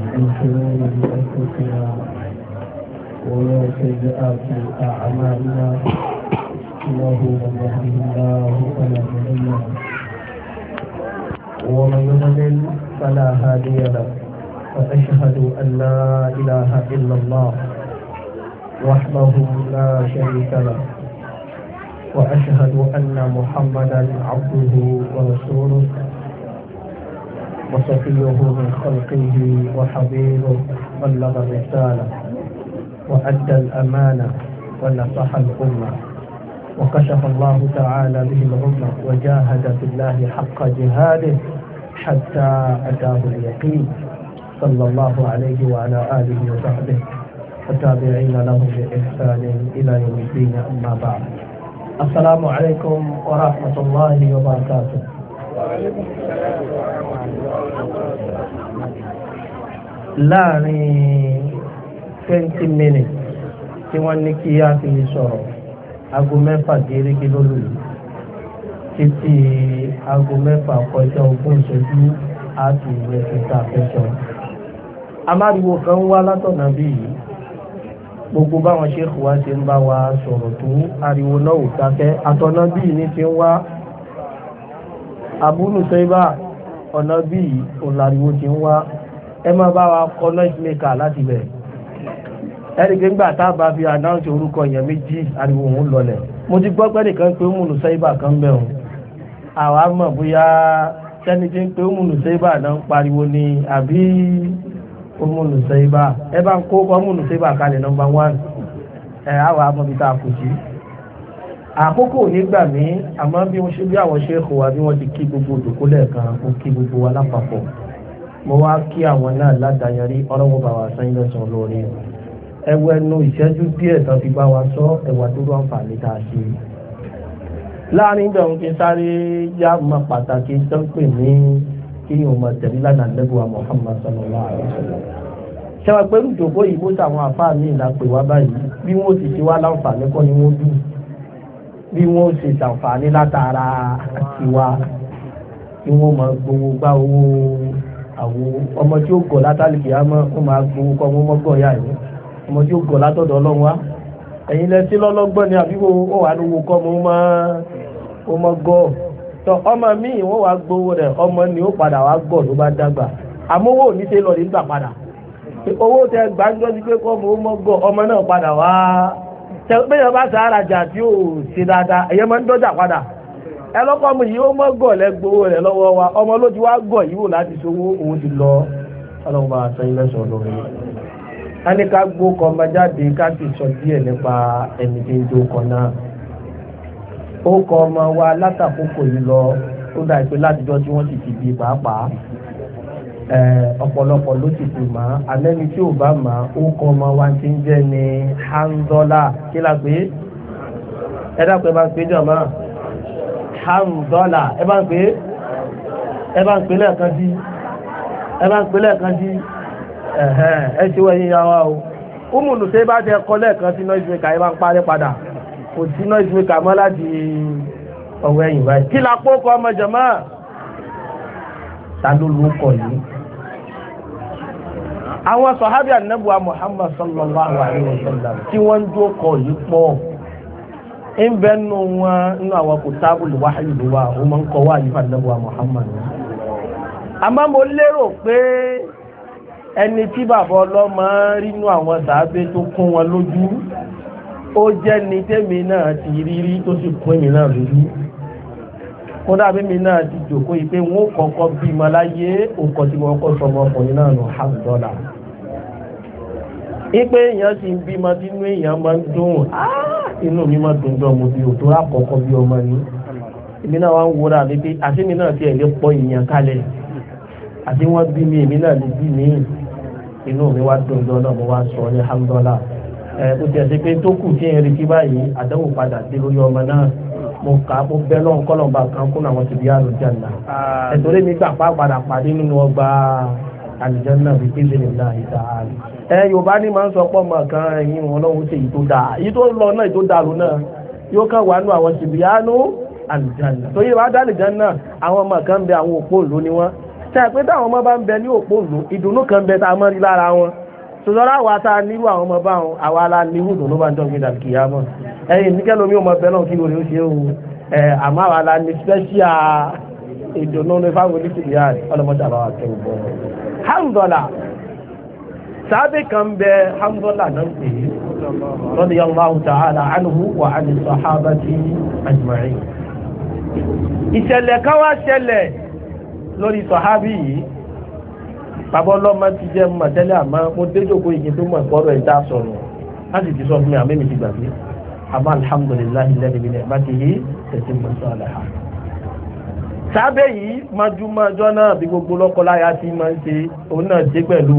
من شرور أنفسنا ومن سيئات أعمالنا اللهم من يهده الله فلا مضل ومن يضلل فلا هادي له وأشهد أن لا إله إلا الله وحده لا شريك له وأشهد أن محمدا عبده ورسوله وصفيه من خلقه وحبيبه بلغ الرسالة وأدى الأمانة ونصح الأمة وكشف الله تعالى به الغمة وجاهد في الله حق جهاده حتى أتاه اليقين صلى الله عليه وعلى آله وصحبه والتابعين لهم بإحسان إلى يوم الدين أما بعد السلام عليكم ورحمة الله وبركاته وعليكم السلام ورحمة الله láàrin twenty minutes tí wọ́n ní kí a fi sọ̀rọ̀ aago mẹ́fà gẹ́gẹ́ lólu títí aago mẹ́fà kọjá ogún ìṣẹ́jú a ti rẹ̀ fi ta fẹ́sọ̀. amáriwo kan wá látọ̀nà bí yìí gbogbo báwọn ṣéèkù wá ṣe ń bá wa sọ̀rọ̀ tó ariwo náà ò dákẹ́ àtọ̀nà bí yìí ní ti ń wá abúlùsẹ́ bá ọ̀nà bí yìí ò láriwo ti ń wá ẹ máa bá wa kọ noise maker láti bẹ̀ ẹnìkan gbà tá a bá fi announce orúkọ yẹn méjì ariwo òun lọlẹ̀ mo ti gbọ́ pé nìkan pé múnú sẹ́yìnbà kan bẹ̀ òun àwa mọ̀ bóyá sẹ́ni tí ń pé múnú sẹ́yìnbà náà ń pariwo ni àbí múnú sẹ́yìnbà ẹ bá ń kó kọ́ múnú sẹ́yìnbà kalẹ̀ number one ẹ àwa mọ̀ bí tá a kù sí àkókò nígbà mí àmọ́ bí wọ́n ṣe bí àwọn ṣe kò wá bí wọ́n ti kí gbogbo òdòkó lẹ́ẹ̀kan ó kí gbogbo wa lápapọ̀ mo wá kí àwọn náà ládàáyọrí ọlọ́wọ́ bá wa san ilẹ̀sùn lórí o ẹwọ ẹnu ìṣẹ́jú díẹ̀ tán fi bá wa sọ ẹwà tó lọ́n fà níta sí i láàrin ìgbà òun ti sáré yá máa pàtàkì tó ń pè ní kí òun máa tẹ̀lé lánàá lẹ́bùwà Muhammad sallallahu alaihi wasallam ṣẹwà pẹ̀lú ìjòkó yìí bó tàwọn àfáà mi ìlà pè wá báyìí bí wọ́n ti ṣe wá láǹfààní kọ́ ni wọ́n dùn bí wọ́n ṣe ṣàǹfààní látara tiwa kí wọ́n máa gbowó gbá owó àwo ọmọ tí ó gọ̀ látàlìkì àmọ́ ó máa gbowó kọ́ ọmọ mọ́gàn yá ẹ̀yìn ọmọ tí ó gọ̀ látọ̀dọ̀ ọlọ́run wa ẹ̀yin lẹ sí lọ́lọ́gbọ́n ni àbí ó wà lówó kọ́ ọmọ ó mọ́ gọ́ tọ ọmọ míì wọ́n wá gbowó rẹ̀ ọmọ ni ó padà wá gọ̀ ló bá dàgbà àmọ́ owó òní ṣe lọ ní gbà padà owó tẹ gbàgbọ́ sí pé kọ́ ọmọ ó mọ́ gọ̀ ọmọ náà padà wá tẹ pé yẹn bá sàárà jà tí ó ṣe dáadáa ẹ̀yẹ máa ń dọ́jà padà ẹlọ́pàá mu yìí ó mọ́ gọ̀ lẹ́gbowó rẹ̀ lọ́wọ́ wa ọmọ ló ti wá gọ̀ yìí wò láti sowó òun ti lọ ọlọ́run bá aṣọ ilé sọ lórí a ní ká gbó kan bá jáde ká sì sọ díẹ̀ nípa ẹni tí ń jó kan náà ó kọ ọmọ wa látàkókò yìí lọ ó dà pé látijọ́ tí wọ́n sì ti bí pàápàá ọ̀pọ̀lọpọ̀ ló ti fi mọ́ tí ò bá mọ́ ó kọ ọmọ wa ti ń jẹ́ ní hanzọ́là kí la pé ẹ dákun ẹ máa ń pè jọ̀mọ́. Hanzala ẹ bá ń pè é ẹ bá ń pè lẹ́ẹ̀kan sí ẹ bá ń pè lẹ́ẹ̀kan sí ẹ ṣe wọ ẹyin yàrá o umunu ṣe bá tẹ kọ lẹ́ẹ̀kan sí noise maker ẹ bá ń parí padà kò sí noise maker mọ́ láti ọ̀wọ́ ẹ̀yìn báyìí kí la kó kọ ọmọ jọ̀mọ́ ta ló ló kọ yìí àwọn sọ̀hábì ànábùwà Muhammad sallallahu alaihi wasallam tí wọ́n ń dúró kọ yìí pọ̀. ń bẹ nù wọn nù àwọn kò tábùlù wáyé ló wà ó máa ń kọ wáyé fàdánwò Muhammad àmọ́ mo lérò pé ẹni tí bàbá ọlọ́mọ rínú àwọn sàábé tó kún wọn lójú ó jẹ́ ni tẹ́mi náà ti rí rí tó sì kún èmi náà lójú ti jòkó sọmọ ọkùnrin náà hàbùdọ́là ipe èèyàn sì ń bímọ inú mi máa dùn jọ mo bí òtó àkọ́kọ́ bí ọmọ yìí èmi náà wá ń wúra mi pé àti mi náà tiẹ̀ lè pọ̀ ìyàn kalẹ̀ àti wọ́n bí mi èmi náà lè bí mi inú mi wá dùn jọ náà mo wá sọ ní hamdọ́là ẹ o tiẹ̀ sí pé tó kù tí ń retí báyìí àdánwò padà dé lórí ọmọ náà mo kà á mo bẹ́ lọ́nkọ́lọ́ba kan kún àwọn tìbí àlùjáde ẹ̀tọ́ lé mi gbà pàápàá padà pàdé nínú ọgbà àlìjẹ́nà bí kéde nìlá ìta àlè. ẹ yorùbá ní máa ń sọ pọ́ mọ̀ kan ẹ̀yìn wọn náà ó ṣe èyí tó dáa èyí tó lọ náà èyí tó dàrú náà yóò kàn wá nú àwọn ṣìbìyànú àlìjẹ́nà. torí wàá dá àlìjẹ́nà àwọn ọmọ kan ń bẹ àwọn òpó òlò ni wọ́n. ṣe é pé táwọn ọmọ bá ń bẹ ní òpó òlò ìdùnnú kan bẹ tá a mọ́ rí lára wọn. sọ̀rọ̀ àwa tá a nírú àwọn ọmọ báwọn àwa la nírú ìdùnnú bá ń dọ̀gbìn dàkìyà mọ́. ẹ̀yin níkẹ́ lomi ọmọ ìdùnnú ní fáwọn oníṣìyà rẹ̀ ọlọ́mọdé àbáwá tó ń bọ̀. hamdọ́là sábẹ́ kan bẹ hamdọ́là náà pè é radiyallahu ta'ala anhu wa ani sahabati ajma'in. ìṣẹ̀lẹ̀ kan wá ṣẹlẹ̀ lórí sọ̀hábì yìí bàbá ọlọ́mọ ti jẹ́ mọ̀ tẹ́lẹ̀ àmọ́ mo déjòkó ìgbín tó mọ̀ ìpọ́rọ̀ ẹ̀dá sọ̀rọ̀ láti ti sọ fún mi àmì mi ti gbàgbé àmọ́ alhamdulillahi lẹ́nu mi ní ẹ̀ bá ti yí tẹ̀sí mọ̀ sọ́ọ̀lẹ̀ ha sábẹ́ yìí mọ́júmọ́jọ́ náà bí gbogbo lọ́kọláya ti máa ń ṣe òun náà ṣe pẹ̀lú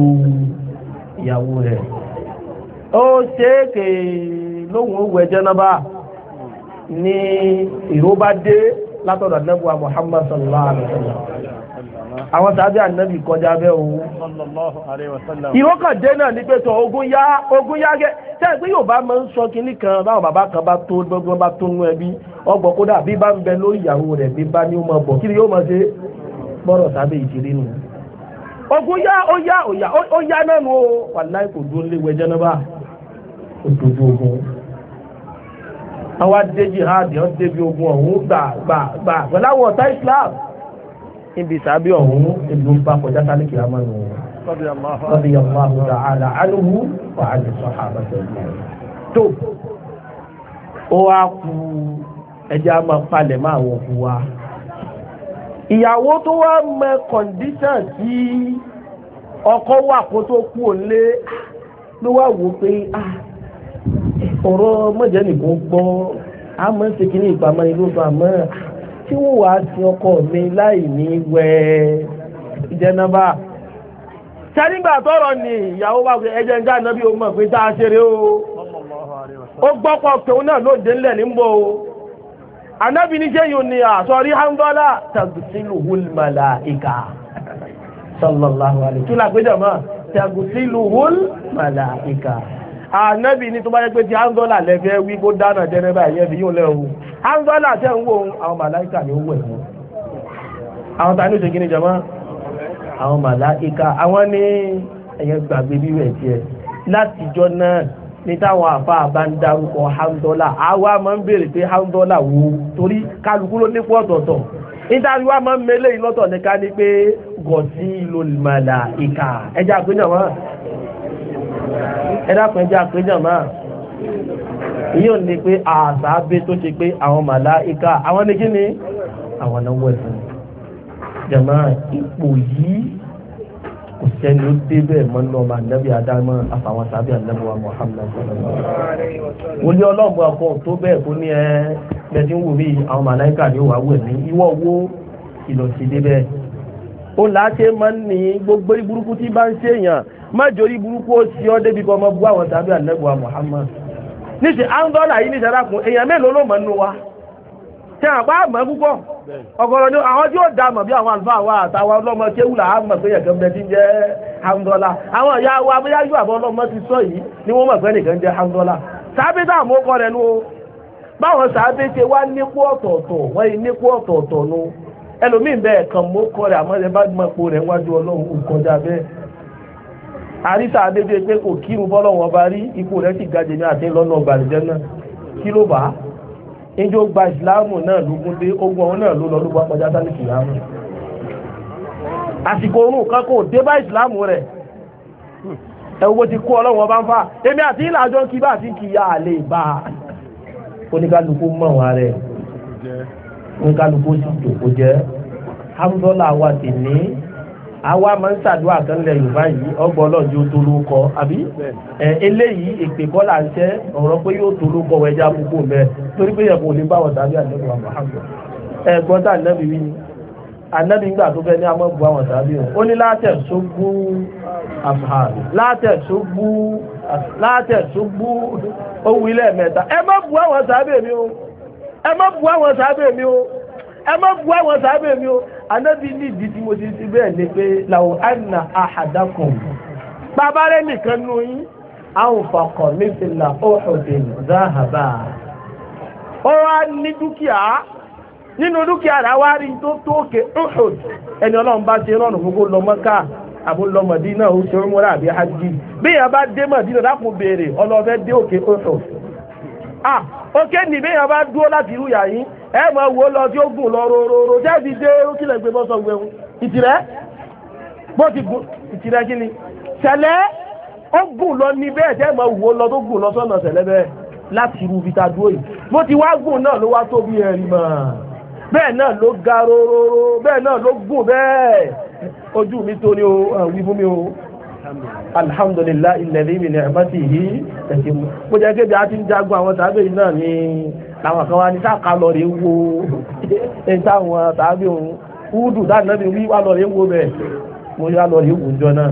ìyàwó rẹ̀ ó ṣe é kè lóhùn ó wẹ̀ jẹ́nàbà ní ìró bá dé látọ̀dọ̀ ànábùwà Muhammad sallallahu alaihi wa àwọn sàábẹ́ ànábì kọjá bẹ́ òun ìrókàn náà ní pé sọ ogun yá ogun yá gẹ́ sọ kan báwọn bàbá kan bá tó bá tó nú ẹbí ọgbọ̀n kódà bí bá ń bẹ lórí ìyàwó rẹ̀ bí bá ní ó máa bọ̀ kí ni yóò máa ṣe àwọn adéjì hàn yẹn débi ogun ọ̀hún gbà pẹ̀láwọ̀ ọ̀tá Islam níbi ìsàbí ọ̀hún ìlú ń bá kọjá sálẹ̀ kìí àmọ́ nù lọ́dí yàrá àbúrò àlà àlùhù wà á lè sọ àbájọ ìlú tó ó wá ku ẹjẹ́ máa palẹ̀ máa wọ̀ fún wa ìyàwó tó wá mọ kọ̀ǹdíṣàn tí ọkọ wà kó tó kú òun lé ló wá wò pé ah ọ̀rọ̀ mọ̀jẹ́nìkan gbọ́ àmọ́ ṣe kínní ìpamọ́ ìlú àmọ́ tí wọ́n wá sí ọkọ mi láì ní wẹ ìjẹnàbà sẹ́nígbà tọrọ ni ìyàwó bá fi ẹjẹ ń já nábì ó mọ̀ pé tá a ṣeré o ó gbọ́pọ̀ tòun náà ló dé ńlẹ̀ níbo o anábì ní sẹ́yìn ni àsọrí hanbala tàbùsílù hulmala ìka sallallahu alayhi wa sallam kí lápẹjọ mọ́ tàbùsílù hulmala ìka ànábì ní tó bá yẹ pé ti angola lẹ́fẹ́ wí kó dáná jẹ́nẹ́bà ìyẹn fi yóò lẹ́hùn angola tẹ́ ń wò ó àwọn màláìkà ni ó wẹ̀ fún àwọn tani ó ṣe kí ni jọmọ́ àwọn màláìkà àwọn ní ẹ̀yẹ gbàgbé bí rẹ̀ tiẹ̀ látijọ́ náà ní táwọn àfa àbá ń darúkọ angola àwa máa ń béèrè pé angola wo torí kálukú ló nípò ọ̀tọ̀ọ̀tọ̀ nítorí wàá máa ń mele ìlọ́tọ̀ nìkan ni pé gọ̀ọ́sí ló màláìkà ẹja àgbéyàwó ẹ̀dàkùn ẹjẹ́ àpéjọ máa yíò ní pé àṣàbé tó ṣe pé àwọn màláíkà àwọn ní kí ni àwọn náwó ẹ̀sìn jàmá ipò yìí kò sẹ́ni ó débẹ̀ mọ́nà ọmọ ànábì adámọ́ àfàwọn sábẹ́ ànábìwá Muhammad wọ́n lé ọlọ́ọ̀bù ọkọ̀ tó bẹ́ẹ̀ kó ní ẹ bẹ́ẹ̀ tí ń wò rí àwọn màláíkà ní òwà wẹ̀ ní ìwọ́ owó ìlọ̀sídébẹ̀ ó láṣẹ máa ń ní gbogbo ìburúkú tí bá ń ṣèyàn má burúkú ó sí ọdẹ ọmọ bú àwọn tàbí ànẹ́bùwà Muhammad níṣẹ́ áńdọ́là yìí níṣẹ́ lákùn ló wa tí àpá àmọ́ púpọ̀ ọ̀gọ̀rọ̀ ni àwọn tí ó da mọ̀ bí àwọn àlùfáà wa àtàwọn ọlọ́mọ kéwùlà àmọ̀ pé yẹ̀kẹ́ bẹ ti jẹ́ áńdọ́là àwọn ìyá wa bóyá yóò àbọ̀ ọlọ́mọ ti sọ yìí ni wọ́n mọ̀ pé nìkan jẹ́ áńdọ́là sábẹ́ tá àmọ́ o báwọn sábẹ́ ṣe wá nípò ọ̀tọ̀ọ̀tọ̀ wọ́n yìí nípò ọ̀tọ̀ọ̀tọ̀ nu ẹlòmíì bẹ́ẹ̀ kàn mọ́ àríta adébíyẹ pé kò kírun bọ́lọ́wọ́n bá rí ipò rẹ̀ sì ga jẹ̀mí àti lọ́nà ọgbà àlùjànnà kí ló bá níjó gba ìsìláàmù náà lógún dé ogun ọ̀hún náà ló lọ ló bá kọjá sáré ìsìláàmù àsìkò orun kan kò dé bá ìsìláàmù rẹ̀ ẹwọ́ ti kó ọlọ́run ọba ń fà èmi àti ìlàjọ kí bá ti kìyà àlè bá oníkálukú mọ̀ wọn rẹ̀ oníkálukú sì jòkó jẹ́ hamdọ́là wa ti àwa máa ń ṣàdúrà kan lẹ yorùbá yìí ọgbọ ọlọ́jọ́ tó ló kọ àbí ẹ eléyìí èpè kọ́ là ń ṣẹ́ ọ̀rọ̀ pé yóò tó ló kọ wọ ẹja púpọ̀ mẹ́ torí pé yẹn kò ní bá wọn tàbí àdébùwà Muhammad ẹ gbọ́n tá ànábì wí ni ànábì gbà tó fẹ́ ní amọ́ bu àwọn tàbí wọn ó ní látẹ̀ ṣogbú àfààní látẹ̀ ṣogbú látẹ̀ ṣogbú owó ilé mẹ́ta ẹ má bu àwọn tàbí mi o ẹ má bu àwọn tàbí mi o ẹ má bu àwọn tàbí mi o anábì ní ìdí tí mo ti ti bẹ́ẹ̀ ni pé làwọn àìnà àhàdákùn bàbá rẹ nìkan nù yín àwọn fàkọ̀ nífìlà ọ̀hùndín záhàbà ó wá ní dúkìá nínú dúkìá rà wá rí tó tó òkè ọ̀hùn ẹni ọlọ́run bá ṣe rọrùn gbogbo lọ́mọ́ká àbúlọ́mọdínà ó ṣe ń múra hajj bí yàrá bá dé mọ̀dínà dákun béèrè ah òkè nìbí yẹn bá dúró láti irú yà yín ẹ mọ̀ wò lọ tí ó gùn lọ rororo jáde dé kílẹ̀ gbé bọ́sọ̀ gbẹ̀hún ìtìrẹ́ bó ti gùn ìtìrẹ́ kí ni sẹ̀lẹ́ ó gùn lọ ní bẹ́ẹ̀ tẹ́ mọ̀ wò lọ tó gùn lọ sọ́nà sẹ̀lẹ́ bẹ́ẹ̀ láti irú vita dúró yìí bó ti wá gùn náà ló wá tóbi ẹ̀rì mọ̀ bẹ́ẹ̀ náà ló ga rororo bẹ́ẹ̀ náà ló gùn bẹ́ẹ̀ ojú mi tó ni o wí fún mi o alhamdulillahi alladhi bi ni'matihi tẹ̀síwò bó jẹ́ kébi àti ń jagun àwọn tàbí yìí náà ni làwọn kan wá ní sáàkà lọ rè wo ẹni táwọn tàbí òun húdù dáná bí wí wá lọ rè wo bẹ́ẹ̀ mo yá lọ rè wò jọ náà.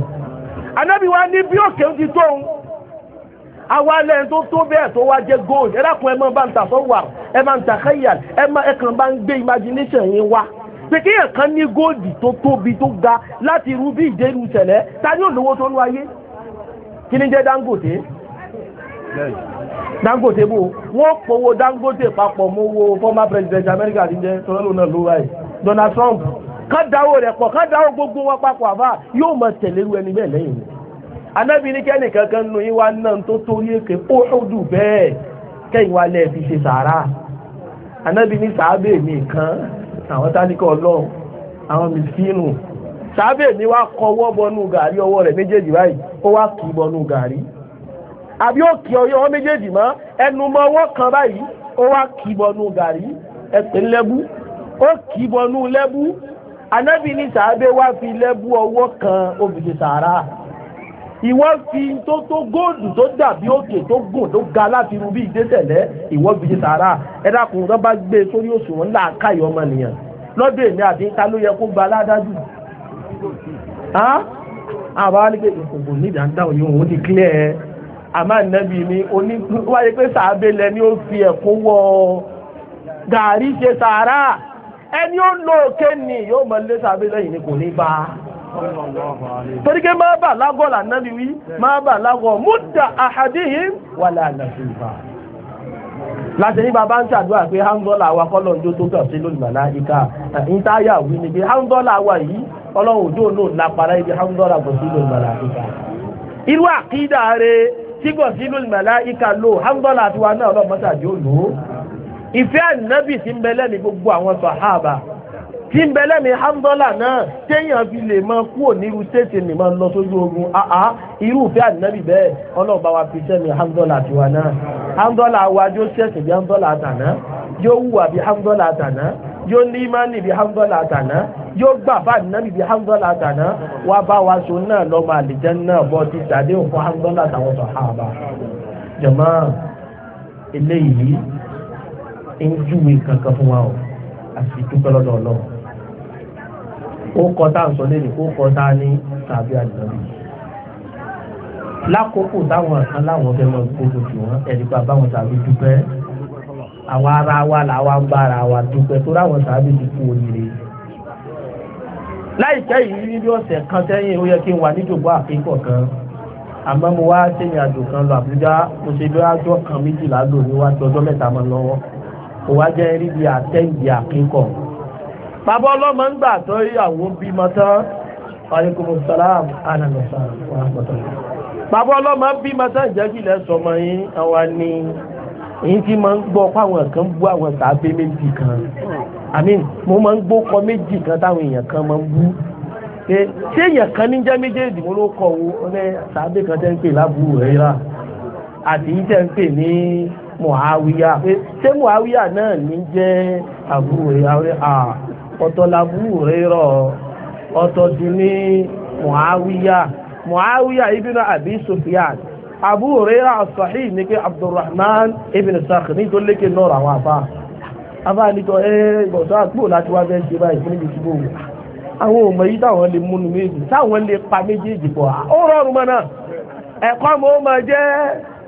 anábì wa ní bí òkè ti tó òun àwa lẹ́yìn tó tó bẹ́ẹ̀ tó wá jẹ́ gold ẹ dákun ẹ máa bá ń tà fọwọ́ ẹ máa ń tà kẹ́yà ẹ máa ẹ kàn bá ń gbé imagination yín wá pé kéèyàn kan ní góòdì tó tóbi tó ga láti irú bí ìdérú sẹ̀lẹ̀ ta ni olówó tó ní ayé kí ni jẹ́ Dangote Dangote bò wọ́n pòwó Dangote papọ̀ mọ́wó former president America ti jẹ́ sọ́lọ́ náà ló wáyé Donald Trump ká dáwó rẹ̀ pọ̀ ká dáwó gbogbo wọn papọ̀ àbá yóò mọ tẹ̀lé ru ẹni bẹ́ẹ̀ lẹ́yìn anábì ní kẹ́ni kankan nù yín wá náà tó torí èké ó ọdún bẹ́ẹ̀ kẹ́yìn wá lẹ́ẹ̀ fi ṣe sàárà anábì ní sàábẹ̀ mi kan àwọn tálíkà ọlọ́run àwọn mìsínù sábẹ̀ ni wá kọwọ́ bọnú gàrí ọwọ́ rẹ̀ méjèèjì báyìí ó wá kì bọnú gàrí àbí ó kì ọyọ́ méjèèjì mọ́ ẹnu ọwọ́ kan báyìí ó wá kì bọnú gàrí ẹ̀pẹ̀ lẹ́bú ó kì bọnú lẹ́bú anábì ní sábẹ̀ wá fi lẹ́bú ọwọ́ kan ó ìwọ fi tó tó góòdù tó dàbí òkè tó gùn tó ga láti irú bí ìdẹ́tẹ̀lẹ́ ìwọ fi ṣe sàárà ẹ dákun tó bá gbé e sórí òṣùwọ̀n ńlá káyọ̀ ọmọ nìyàn lọ́dọ̀ èmi àti ta ló yẹ kó gba aládájú àbá wá ní pé ìkòkò níbi òye òun ti clear ẹ àmà ìnábi ni wáyé pé sàábé lẹ ni ó fi ẹ̀kún wọ gàárì ṣe sàárà ẹni ó lò òkè ni yóò mọ lé sàábé lẹ́yìn ni kò ní bá a torí pé má bà lágọ̀ lànàbí wí má bà lágọ̀ múdà àhàdíhìn wà lànàfíìfà láti ní bàbá ń ṣàdúrà pé hándọ́là wa kọ́ lọ́njọ́ tó kàn sí lónìí màláìka ìtayà wí ni pé hándọ́là wa yìí ọlọ́run òjò náà lápára ibi hándọ́là kò sí lónìí màláìka irú àkídà rẹ̀ tí kò sí lónìí màláìka lò hándọ́là tiwa náà ọlọ́mọ́sàdì ò lò ó ìfẹ́ ànábì sí ń bẹ lẹ́ni gbogbo àwọn sàhábà tí ń bẹ̀lẹ́ mi handola náà téèyàn fi lè máa kúrò nírú tètè ní máa lọ sójú ogun àá irúfẹ́ ànábì bẹ́ẹ̀ ọlọ́ọ̀bá wa fi sẹ́mi handola tiwa náà handola wa yóò ṣẹ̀sìn bí handola àtàná yóò wùwà bí handola àtàná yóò ní imáni bí handola àtàná yóò gbà bá ànábì bí handola àtàná wá bá wa so náà lọ́mọ àlìjẹ́ náà bọ́ ti sàdé òfin handola àtàwọn sàhábà jàmá eléyìí ń júwe kankan fún wa o àti dúpẹ́ lọ́dọ̀ ọlọ́run ó kọ́ tá à ń sọ lẹ́nu ó kọ́ tá a ní tàbí àdìmọ́bí lákòókò táwọn kan láwọn fẹ́ mọ gbogbo jù wọ́n ẹ̀rí pa báwọn tàbí dúpẹ́ àwọn ara wa làwa ń bá ara wa dúpẹ́ tó ráwọn tàbí ti kú oríire láìpẹ́ yìí ní bí ọ̀sẹ̀ kan sẹ́yìn ó yẹ kí n wà níjòkó àfikọ̀ kan àmọ́ mo wá sẹ́yìn àjò kan lọ Àbújá mo ṣe bí ọjọ́ kan méjìlá lò ní wájú ọjọ́ mẹ́ta mọ́ lọ́wọ́ kò jẹ́ rí bí àtẹ́ǹdì àfikọ̀ bàbá ọlọ́mọ ń gbà tọ́ ìyàwó bímọ tán aleykum salaam anamisa wa rahmatulah. bàbá ọlọ́mọ bímọ tán ìjẹ́kìlẹ̀ sọmọ yín àwa ni èyí tí máa ń gbọ́ fáwọn kan bú àwọn sàábé méjì kan àmín mo máa ń gbọ́ kọ méjì kan táwọn èèyàn kan máa ń bú ṣé èèyàn kan ní jẹ́ méjèèjì mo ló kọ̀ wo ọ̀nà sàábé kan tẹ́ ń pè lábúrò rẹ̀ rà àti yìí tẹ́ ń pè ní Muawiya ṣé Muawiya náà ní jẹ́ àbúrò rẹ̀ rà ọ̀tọ̀ làbúrò rírọ̀ ọ̀tọ̀ dùn ní muawiya muawiya ibn abi sufyan abu rírà sọ̀hí ní pé abdulrahman ibn sakh ní tó lékè náà rà wọn àbá àbá nítọ́ ẹ gbọ̀dọ̀ àgbò láti wá fẹ́ ṣe báyìí fún ibi tí gbòòrò àwọn ọmọ yìí táwọn lè múnu méjì táwọn lè pa méjèèjì pọ̀ ó rọrùn mọ́ náà ẹ̀kọ́ mọ́ máa jẹ́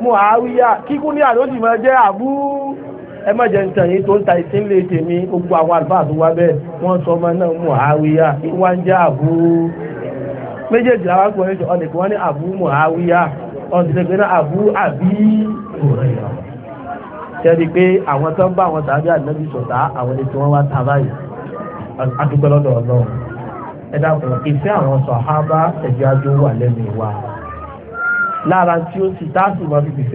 muawiya kíkún ní àdójì máa jẹ́ abu ẹ má jẹ́ nǹkan yìí tó ń ta ìsínlẹ̀ tèmi gbogbo àwọn àlùfáà tó wá bẹ́ẹ̀ wọ́n sọ ọmọ náà Muawiya ìwà ń jẹ́ àbú méjèèjì làwọn akọ̀ ẹ̀ṣọ́ ọ̀nà ìpínwọ́n ní àbú Muawiya ọ̀nà àbú àbí tẹ́rí pé àwọn tó ń bá àwọn tàbí ànábì sọ̀tá àwọn ilé tí wọ́n wá ta báyìí adúgbò lọ́dọ̀ ọlọ́run ẹ dákun ìfẹ́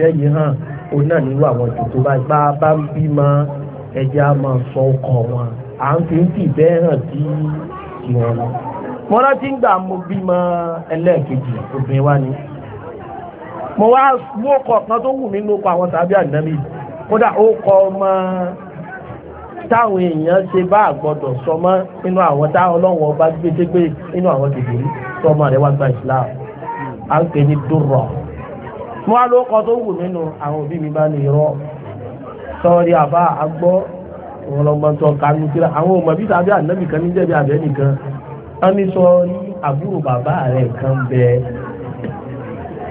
àwọn o náà nínú àwọn ètò bá bá ń bímọ ẹja máa sọ ọkọ wọn à ń fi ń fi bẹ́ẹ̀ hàn sí ìwọ̀n lọ. mo rántí ń gbà mo bímọ ẹlẹ́ẹ̀kejì obìnrin wa ni mo wá mú ọkọ̀ kan tó wù mí ní oko àwọn tàbí ànábì kódà ó kọ ọmọ táwọn èèyàn ṣe bá àgbọ̀dọ̀ sọmọ nínú àwọn tá ọlọ́wọ́ bá gbé dégbé nínú àwọn kékeré tó ọmọ rẹ̀ wá gba ìsìláàmù à ń pè ní dúró mo wá lóókọ tó wù nínú àwọn òbí mi bá ní irọ́ sọ́ọ́rí àbá agbọ́ wọn lọ́mọ tó kánú síra àwọn ọmọ bíi tàbí ànábì kan ní jẹ̀bi àbẹ́ nìkan wọ́n ní sọ́ọ́rí àbúrò bàbá rẹ̀ kan bẹ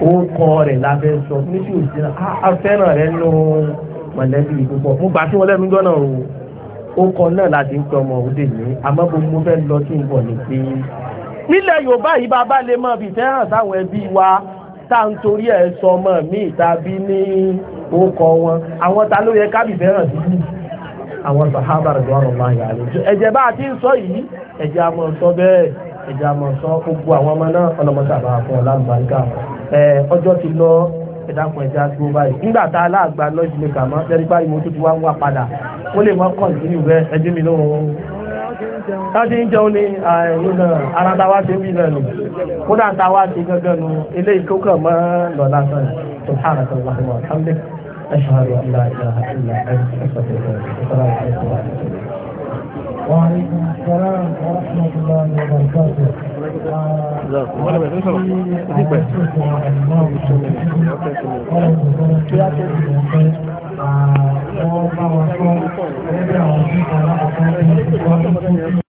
ó kọ́ rẹ̀ lábẹ́ sọ ní tí ò sí náà ah, a fẹ́ràn rẹ̀ nù mọ̀lẹ́bí púpọ̀ mo gbà sí wọn lẹ́nu gbọ́nà o ó kọ náà láti ń pẹ ọmọ òde ní àmọ́ bó mo fẹ́ lọ sí ń bọ̀ nílẹ̀ Yorùbá yìí bàbá lè mọ ibi fẹ́ràn sáwọn ẹbí wa tá ń torí ẹ̀ sọ ọmọ mi tàbí ní orúkọ wọn àwọn ta ló yẹ kábì fẹ́ràn sí i àwọn sàhábà rẹ̀ lọ́rọ̀ máa yà lójú ẹ̀jẹ̀ bá a ti ń sọ yìí ẹ̀jẹ̀ a mọ̀ sọ bẹ́ẹ̀ ẹ̀jẹ̀ a mọ̀ sọ gbogbo àwọn ọmọ náà ọlọmọsàbà fún ọlànbáńkà ọjọ́ ti lọ ẹ̀dàkùn ẹ̀jẹ̀ àgbò báyìí nígbà tá a láàgbà lọ́ọ̀jì lè kà báyìí mo tún ti wá ń wá padà ó lè mọ́ kọ̀ǹtínú bẹ́ẹ̀ ẹ̀jẹ̀ mi lóhun tọ́jú ń jẹun ní ara tàwa ṣe ń bí lẹ́nu kódà tàwa ṣe gángan nu ilé ìkókàn mọ́ lọ́la sọ́yìn tó hàrà tó wà lọ́wọ́ sáńdé أشهد أن لا إله إلا أنت أستغفرك السلام عليكم ورحمة الله وعليكم السلام ورحمة الله وبركاته Gracias wọ́n bá wọn tó ẹgbẹ́ àwọn tí wọ́n lápapọ̀